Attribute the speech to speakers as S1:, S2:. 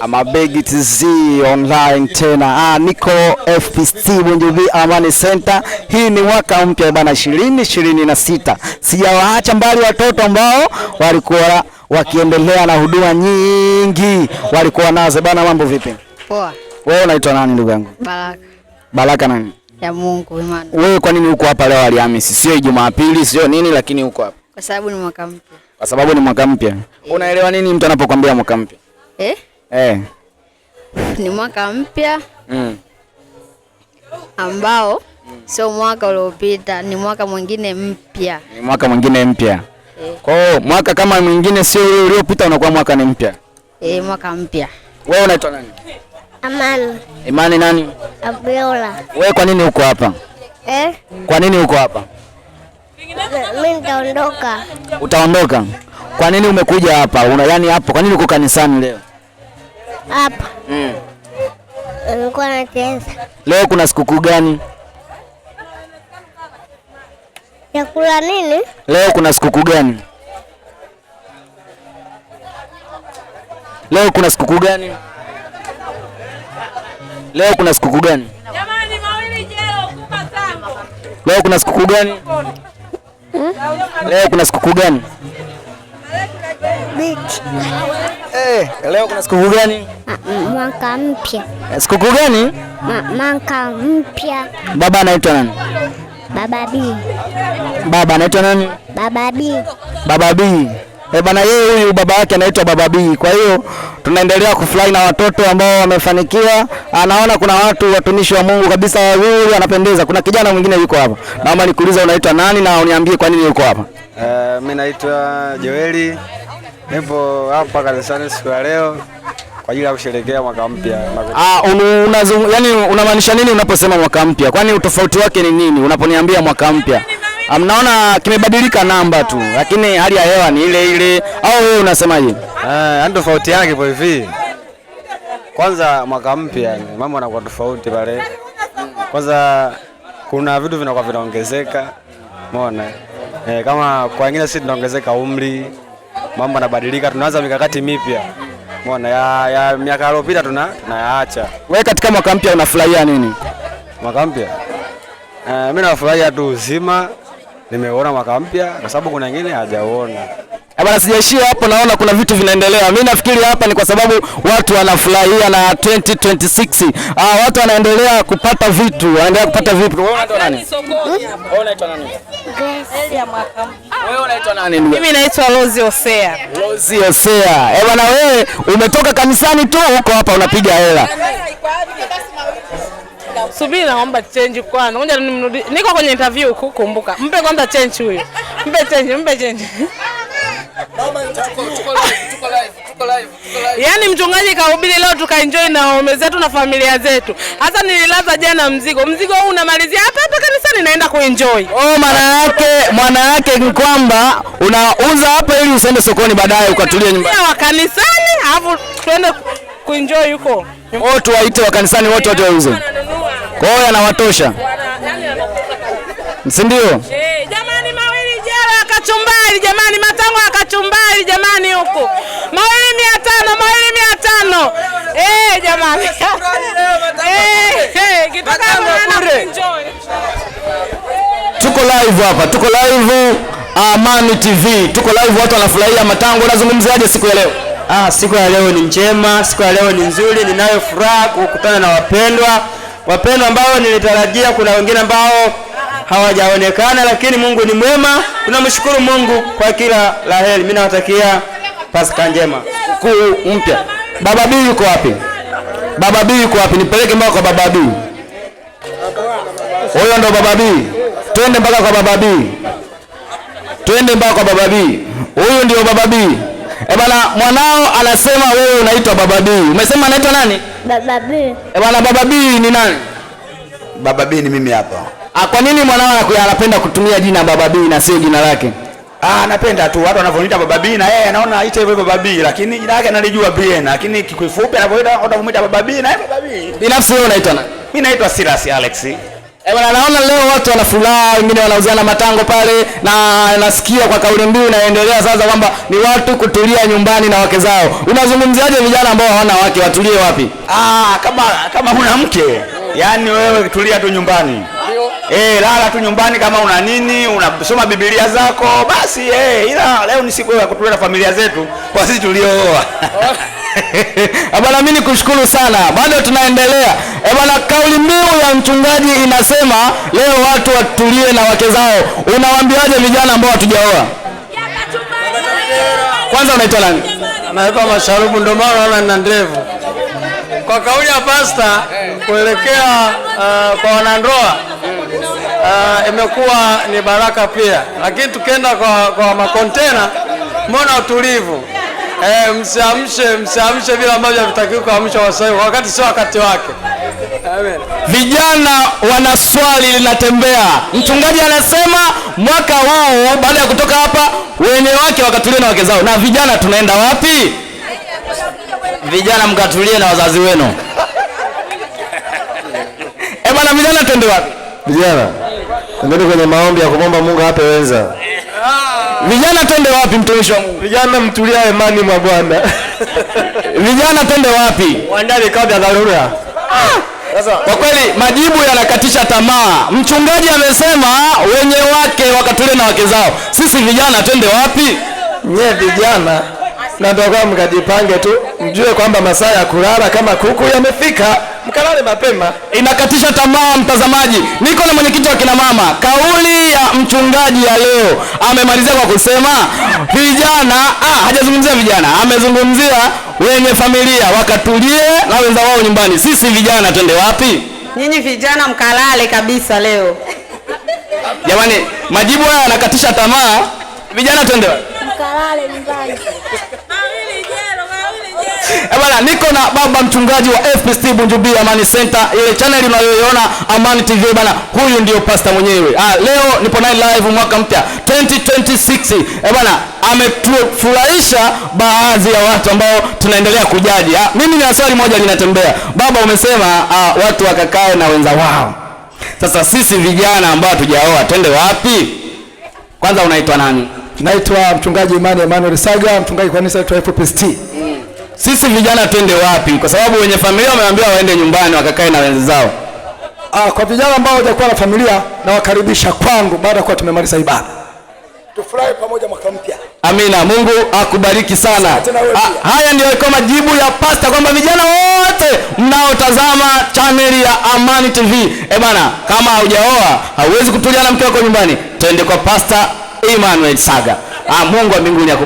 S1: ama begi TZ online tena. Ah, niko FPC Bunjubi Amani Center. Hii ni mwaka mpya bana 2026. Sijawaacha mbali watoto ambao walikuwa wakiendelea na huduma nyingi walikuwa nazo bana. Mambo vipi? Poa. Wewe unaitwa nani ndugu yangu? Baraka. Baraka nani?
S2: Ya Mungu imani.
S1: Wewe kwa nini uko hapa leo Alhamisi? Sio Jumapili, sio nini lakini uko hapa.
S2: Kwa sababu ni mwaka mpya.
S1: Kwa sababu ni mwaka mpya. e. Unaelewa nini mtu anapokuambia mwaka mpya? Eh? eh.
S2: Ni mwaka mpya mm. ambao mm. sio mwaka uliopita, ni mwaka mwingine mpya,
S1: ni mwaka mwingine mpya eh. Kwa hiyo mwaka kama mwingine sio ule uliopita, unakuwa mwaka ni mpya
S2: eh, mwaka mpya.
S1: Wewe unaitwa nani? Amani. Imani nani?
S3: Abiola.
S1: Wewe kwa nini uko hapa eh? Kwa nini uko hapa?
S3: Mimi nitaondoka.
S1: Utaondoka? Kwa nini umekuja hapa? Una yani hapo, kwa nini uko kanisani leo? hapa mm.
S3: Nilikuwa nacheza.
S1: Leo kuna sikukuu gani?
S2: Chakula nini?
S1: Leo kuna sikukuu gani? Leo kuna sikukuu gani? Leo kuna sikukuu gani? Jamani mawili jeo kupa sango. Leo kuna sikukuu gani? Hmm? Leo kuna sikukuu gani? Beach. Eh, leo kuna sikukuu gani?
S2: Mwaka mpya.
S1: Eh, sikukuu gani?
S2: Mwaka mpya.
S1: Baba anaitwa nani? Baba B. Baba anaitwa nani? Baba B. Baba B. Eh, bana yeye huyu baba yake anaitwa Baba B. Kwa hiyo tunaendelea kufurahi na watoto ambao wamefanikiwa. Anaona kuna watu watumishi wa Mungu kabisa, huyu anapendeza. Kuna kijana mwingine yuko hapa, naomba nikuulize unaitwa nani na uniambie kwa nini yuko hapa.
S4: Uh, mimi naitwa Joeli Nipo hapa kanisani siku ya leo kwa ajili ya kusherehekea mwaka mpya.
S1: Ah, unazungu, yani unamaanisha nini unaposema mwaka mpya? Kwani utofauti wake ni nini unaponiambia mwaka mpya? Ah, mnaona kimebadilika namba tu, lakini hali ya hewa ni ile ile, au wewe unasemaje?
S4: Ah, tofauti yake ipo hivi. Kwanza mwaka mpya mambo yanakuwa tofauti pale. Kwanza kuna vitu vinakuwa vinaongezeka. Umeona? Eh, kama kwa wengine sisi tunaongezeka umri mambo yanabadilika, tunaanza mikakati mipya mona ya, ya miaka iliyopita tuna tunayaacha.
S1: Wewe katika mwaka mpya unafurahia nini?
S4: Mwaka mpya uh, mimi nafurahia tu uzima, nimeona mwaka mpya kwa sababu kuna wengine hajauona.
S1: Eh, bwana, sijaishia hapo, naona kuna vitu vinaendelea. Mimi nafikiri hapa ni kwa sababu watu wanafurahia na 2026 ah, watu wanaendelea kupata vitu, wanaendelea kupata vitu. Wewe unaitwa nani? Hmm? Wewe unaitwa nani? Ah. Wewe unaitwa nani?
S2: Mimi naitwa Rose Osea.
S1: Rose Osea. Eh, bwana wewe umetoka kanisani tu huko hapa unapiga hela.
S2: Subiri, naomba change kwanza. Ngoja nimrudi. Niko kwenye interview huko, kumbuka. Mpe kwanza change huyo. Mpe change, mpe change. Yaani mchungaji kahubiri leo tukaenjoy na waume zetu na familia zetu. Hasa nililaza jana mzigo, mzigo huu unamalizia hapa hapa kanisani, naenda kuenjoy.
S1: Oh, maana yake maana yake ni kwamba unauza hapa ili usiende sokoni baadaye ukatulie nyumbani.
S2: Wa kanisani alafu tuende kuenjoy huko.
S1: Oh, tuwaite wa kanisani wote wauze. Kwa hiyo oh, yanawatosha, si ndio?
S2: mawili jamani, matango ya kachumbari jamani, huku mawili mia tano mawili mia tano eh jamani, eh, eh,
S1: tuko live hapa, tuko live ah, Amani TV, tuko live, watu wanafurahia matango. Unazungumziaje siku ya leo?
S4: Ah, siku ya leo ni njema, siku ya leo ni nzuri, ninayo furaha kukutana na wapendwa wapendwa ambao nilitarajia. Kuna wengine ambao hawajaonekana, lakini Mungu ni mwema. Tunamshukuru Mungu kwa kila la heri. Mimi nawatakia Pasaka njema,
S1: kuu mpya. Baba Bii yuko wapi? Baba Bii yuko wapi? Nipeleke mpaka kwa Baba Bii. Huyo ndo Baba Bii, twende mpaka kwa Baba Bii, twende mpaka kwa Baba Bii. Huyu ndio Baba Bii. Eh, bwana mwanao anasema wewe unaitwa Baba Bii. Umesema anaitwa nani? Baba Bii. Eh, bwana Baba Bii ni nani?
S4: Baba Bii ni mimi hapa.
S1: Ah, kwa nini mwanao anapenda kutumia jina Baba B na sio jina lake?
S4: Ah, anapenda tu watu wanavyoniita Baba B na yeye anaona aite hivyo Baba B, lakini jina lake analijua bien, lakini kifupi anavyoita watu wanamuita Baba B na yeye Baba B.
S1: Binafsi wewe unaitwa nani?
S4: Mimi naitwa Silas Alex. Eh,
S1: bwana naona leo watu wana furaha, wengine wanauziana matango pale na nasikia kwa kauli mbiu inaendelea sasa kwamba ni watu kutulia nyumbani na wake zao. Unazungumziaje vijana ambao hawana wake watulie wapi?
S4: Ah, kama kama huna mke, yaani wewe tulia tu nyumbani eh, lala tu nyumbani kama una nini, unasoma Biblia zako basi eh, ila leo ni siku ya kutulia na familia zetu kwa sisi tuliooa. abana
S1: eh, bwana, mimi nikushukuru sana, bado tunaendelea. Eh bwana, kauli mbiu ya mchungaji inasema leo watu watulie na wake zao. Unawaambiaje vijana ambao hatujaoa? Kwanza unaitwa nani?
S4: Naitwa Masharubu, ndio maana naona nina ndevu. Kwa kauli ya pasta kuelekea uh, kwa wanandoa uh, imekuwa ni baraka pia, lakini tukienda kwa, kwa makontena mbona utulivu eh, msiamshe msiamshe vile ambavyo havitakiwi kuamsha Waswahili wakati sio wakati wake.
S1: Amen. Vijana wana swali linatembea, mchungaji anasema mwaka huu baada ya kutoka hapa wenye wake wakatulie na wake zao. Na vijana tunaenda wapi? Vijana mkatulie na wazazi wenu. E bwana, vijana tuende wapi?
S4: Vijana Ungeni kwenye maombi ya kumwomba Mungu ape wenza.
S1: Ah. Vijana twende wapi mtumishi wa Mungu?
S4: Vijana mtulia imani mwa Bwana.
S1: Vijana twende wapi?
S4: Waandae vikao vya dharura.
S1: Ah! Kwa kweli majibu yanakatisha tamaa. Mchungaji amesema wenye wake wakatulie na wake zao. Sisi vijana twende wapi?
S4: Nye vijana na mkajipange tu, mjue kwamba masaa ya kulala kama kuku yamefika
S1: mkalale mapema. Inakatisha tamaa, mtazamaji. Niko na mwenyekiti wa kina mama. Kauli ya mchungaji ya leo amemalizia kwa kusema vijana, ah, hajazungumzia vijana, amezungumzia wenye familia wakatulie na wenza wao nyumbani. Sisi vijana twende wapi?
S2: Nyinyi vijana mkalale kabisa leo.
S1: Jamani, majibu haya yanakatisha tamaa. Vijana twende wapi? Mkalale nyumbani. Bwana, niko na baba mchungaji wa FPC Bunjubi Amani Center, ile channel unayoiona Amani TV bana. huyu ndio pastor mwenyewe. Ah, leo nipo naye live mwaka mpya 2026. Eh bana, ametufurahisha baadhi ya watu ambao tunaendelea kujaji. Ah, mimi na swali moja linatembea. Baba, umesema ah, watu wakakae na wenza wao. Sasa sisi vijana ambao hatujaoa twende wapi? Kwanza unaitwa nani?
S4: Naitwa mchungaji Imani Emmanuel Saga, mchungaji kanisa la FPCT
S1: sisi vijana twende wapi? Kwa sababu wenye familia wameambiwa waende nyumbani wakakae na wenzao. Ah, kwa vijana ambao hawajakuwa na familia nawakaribisha kwangu baada ya kuwa tumemaliza ibada. Tufurahi pamoja mwaka mpya. Amina. Mungu akubariki sana. Ha, ah, haya ndiyo yalikuwa majibu ya pasta kwamba vijana wote mnaotazama chaneli ya Amani TV. Eh, bana, kama haujaoa hauwezi kutulia na mke wako nyumbani, twende kwa Pasta Emmanuel Saga. Ah, Mungu wa mbinguni akubariki.